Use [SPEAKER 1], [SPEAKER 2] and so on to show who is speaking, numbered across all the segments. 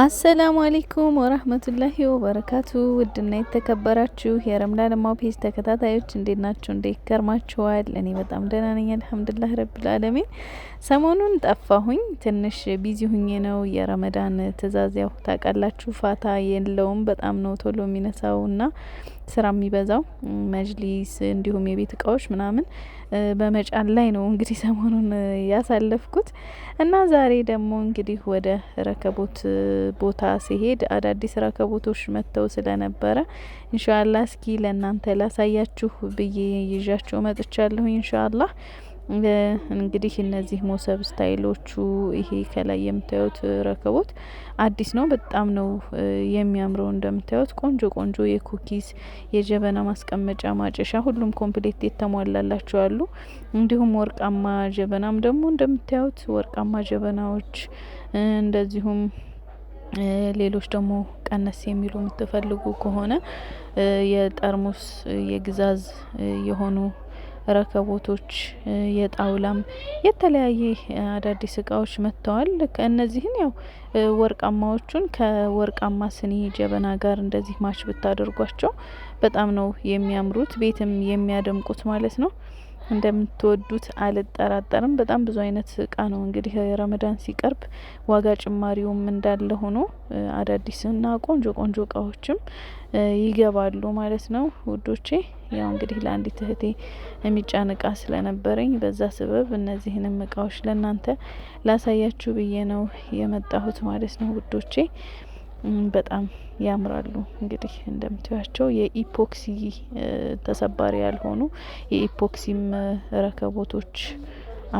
[SPEAKER 1] አሰላሙ አሌይኩም ወራህመቱላሂ ወበረካቱ። ውድና የተከበራችሁ የረምዳን ፔጅ ተከታታዮች እንዴት ናችሁ? እንዴት ከርማችኋል? እኔ በጣም ደህና ነኝ አልሐምዱሊላህ አለሚን። ሰሞኑን ጠፋሁኝ፣ ትንሽ ቢዚ ሁኜ ነው። የረመዳን ትእዛዝ ያው ታውቃላችሁ፣ ፋታ የለውም። በጣም ነው ቶሎ የሚነሳውና ስራ የሚበዛው መጅሊስ፣ እንዲሁም የቤት እቃዎች ምናምን በመጫን ላይ ነው እንግዲህ ሰሞኑን ያሳለፍኩት እና ዛሬ ደግሞ እንግዲህ ወደ ረከቦት ቦታ ሲሄድ አዳዲስ ረከቦቶች መጥተው ስለነበረ ኢንሻአላህ እስኪ ለእናንተ ላሳያችሁ ብዬ ይዣቸው መጥቻለሁ ኢንሻአላህ እንግዲህ እነዚህ ሞሰብ ስታይሎቹ ይሄ ከላይ የምታዩት ረከቦት አዲስ ነው። በጣም ነው የሚያምረው። እንደምታዩት ቆንጆ ቆንጆ የኩኪስ የጀበና ማስቀመጫ ማጨሻ፣ ሁሉም ኮምፕሌት የተሟላላቸው አሉ። እንዲሁም ወርቃማ ጀበናም ደግሞ እንደምታዩት ወርቃማ ጀበናዎች እንደዚሁም ሌሎች ደግሞ ቀነስ የሚሉ የምትፈልጉ ከሆነ የጠርሙስ የግዛዝ የሆኑ ረከቦቶች፣ የጣውላም የተለያየ አዳዲስ እቃዎች መጥተዋል። ከእነዚህን ያው ወርቃማዎቹን ከወርቃማ ስኒ ጀበና ጋር እንደዚህ ማች ብታደርጓቸው በጣም ነው የሚያምሩት፣ ቤትም የሚያደምቁት ማለት ነው። እንደምትወዱት አልጠራጠርም። በጣም ብዙ አይነት እቃ ነው እንግዲህ ረመዳን ሲቀርብ ዋጋ ጭማሪውም እንዳለ ሆኖ አዳዲስና ቆንጆ ቆንጆ እቃዎችም ይገባሉ ማለት ነው ውዶቼ። ያው እንግዲህ ለአንዲት እህቴ የሚጫን እቃ ስለነበረኝ በዛ ስበብ እነዚህንም እቃዎች ለእናንተ ላሳያችሁ ብዬ ነው የመጣሁት ማለት ነው ውዶቼ። በጣም ያምራሉ። እንግዲህ እንደምትያቸው የኢፖክሲ ተሰባሪ ያልሆኑ የኢፖክሲም ረከቦቶች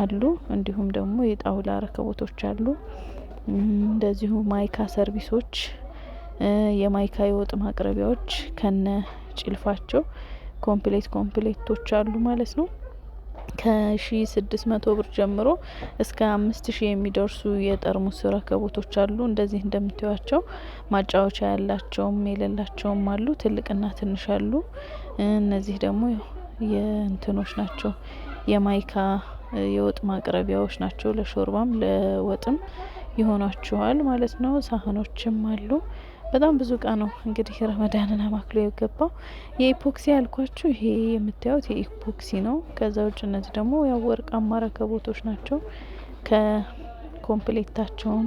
[SPEAKER 1] አሉ። እንዲሁም ደግሞ የጣውላ ረከቦቶች አሉ። እንደዚሁ ማይካ ሰርቪሶች፣ የማይካ የወጥ ማቅረቢያዎች ከነ ጭልፋቸው ኮምፕሌት ኮምፕሌቶች አሉ ማለት ነው። ከሺ ስድስት መቶ ብር ጀምሮ እስከ አምስት ሺህ የሚደርሱ የጠርሙስ ረከቦቶች አሉ። እንደዚህ እንደምታዩቸው ማጫወቻ ያላቸውም የሌላቸውም አሉ። ትልቅና ትንሽ አሉ። እነዚህ ደግሞ የእንትኖች ናቸው። የማይካ የወጥ ማቅረቢያዎች ናቸው። ለሾርባም ለወጥም ይሆናችኋል ማለት ነው። ሳህኖችም አሉ። በጣም ብዙ እቃ ነው እንግዲህ ረመዳንን አማክሎ የገባው። የኢፖክሲ ያልኳችሁ ይሄ የምታዩት የኢፖክሲ ነው። ከዛ ውጭ እነዚህ ደግሞ ያው ወርቃማ ረከቦቶች ናቸው። ከኮምፕሌታቸውም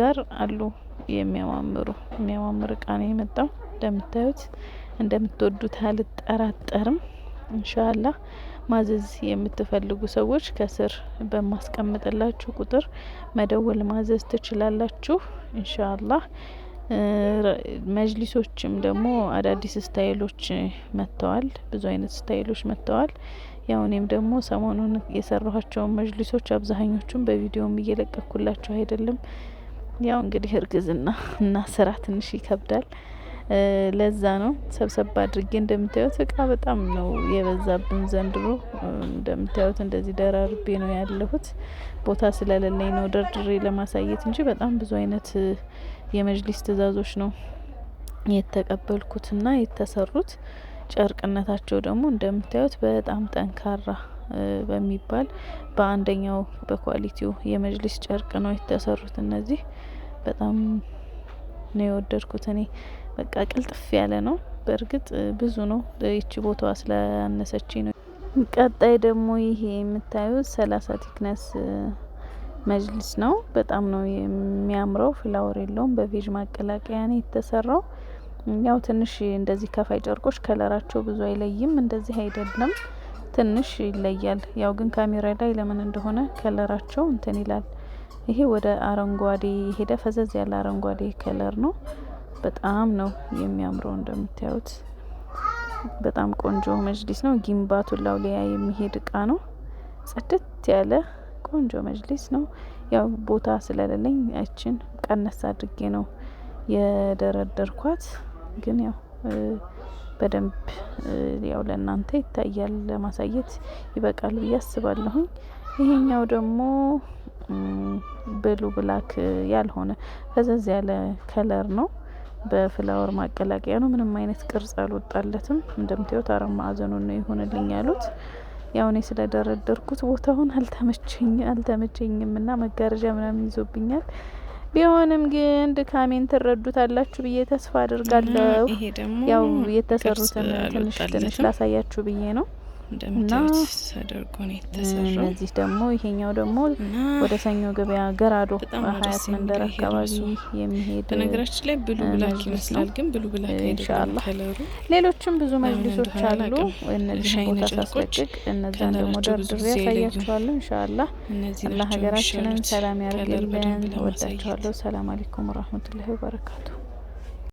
[SPEAKER 1] ጋር አሉ የሚያማምሩ የሚያማምር እቃ ነው የመጣው። እንደምታዩት እንደምትወዱት አልጠራጠርም። እንሻላ ማዘዝ የምትፈልጉ ሰዎች ከስር በማስቀምጥላችሁ ቁጥር መደወል ማዘዝ ትችላላችሁ። እንሻላ። መጅሊሶችም ደግሞ አዳዲስ ስታይሎች መጥተዋል። ብዙ አይነት ስታይሎች መጥተዋል። ያው እኔም ደግሞ ሰሞኑን የሰራኋቸውን መጅሊሶች አብዛኞቹም በቪዲዮም እየለቀኩላቸው አይደለም። ያው እንግዲህ እርግዝና እና ስራ ትንሽ ይከብዳል። ለዛ ነው ሰብሰብ አድርጌ እንደምታዩት እቃ በጣም ነው የበዛብን ዘንድሮ። እንደምታዩት እንደዚህ ደራርቤ ነው ያለሁት። ቦታ ስለሌለኝ ነው ደርድሬ ለማሳየት እንጂ በጣም ብዙ አይነት የመጅሊስ ትዕዛዞች ነው የተቀበልኩትና የተሰሩት። ጨርቅነታቸው ደግሞ እንደምታዩት በጣም ጠንካራ በሚባል በአንደኛው በኳሊቲው የመጅሊስ ጨርቅ ነው የተሰሩት። እነዚህ በጣም ነው የወደድኩት እኔ። በቃ ቅልጥፍ ያለ ነው። በእርግጥ ብዙ ነው። ይቺ ቦታዋ ስላነሰች ነው። ቀጣይ ደግሞ ይሄ የምታዩት ሰላሳ ቲክነስ መጅልስ ነው። በጣም ነው የሚያምረው። ፍላወር የለውም። በቬጅ ማቀላቀያ ነው የተሰራው። ያው ትንሽ እንደዚህ ከፋይ ጨርቆች ከለራቸው ብዙ አይለይም። እንደዚህ አይደለም፣ ትንሽ ይለያል። ያው ግን ካሜራ ላይ ለምን እንደሆነ ከለራቸው እንትን ይላል። ይሄ ወደ አረንጓዴ ሄደ። ፈዘዝ ያለ አረንጓዴ ከለር ነው። በጣም ነው የሚያምረው እንደምታዩት በጣም ቆንጆ መጅሊስ ነው። ጊንባቱላው ላውሊያ የሚሄድ እቃ ነው። ጽድት ያለ ቆንጆ መጅሊስ ነው። ያው ቦታ ስለሌለኝ እችን ቀነስ አድርጌ ነው የደረደር ኳት ግን ያው በደንብ ያው ለእናንተ ይታያል ለማሳየት ይበቃል ብዬ አስባለሁኝ። ይሄኛው ደግሞ ብሉ ብላክ ያልሆነ ፈዘዝ ያለ ከለር ነው። በፍላወር ማቀላቀያ ነው። ምንም አይነት ቅርጽ አልወጣለትም። እንደምታዩት አራት ማዕዘኑ ነው የሆነልኝ ያሉት። ያው እኔ ስለደረደርኩት ቦታውን አልተመቸኝ አልተመቸኝም እና መጋረጃ ምናምን ይዞብኛል። ቢሆንም ግን ድካሜን ትረዱታላችሁ ብዬ ተስፋ አድርጋለሁ። ያው የተሰሩትን ትንሽ ትንሽ ላሳያችሁ ብዬ ነው። እንደምታዩት ተደርጎ ነው የተሰራው። እነዚህ ደግሞ ይሄኛው ደግሞ ወደ ሰኞ ገበያ ገራዶ ሀያት መንደር አካባቢ የሚሄድ
[SPEAKER 2] በነገራችን ላይ ብሉ ብላክ ይመስላል፣ ግን ብሉ ብላክ
[SPEAKER 1] አይደለም ከለሩ። ሌሎችም ብዙ መጅሊሶች አሉ። እነዚህ ቦታ ሳስለቅቅ ደግሞ ደርድሬ ያሳያችኋለሁ። እንሻላ ሀገራችንን ሰላም ያርግልን። ወዳችኋለሁ። ሰላም ወረህመቱላሂ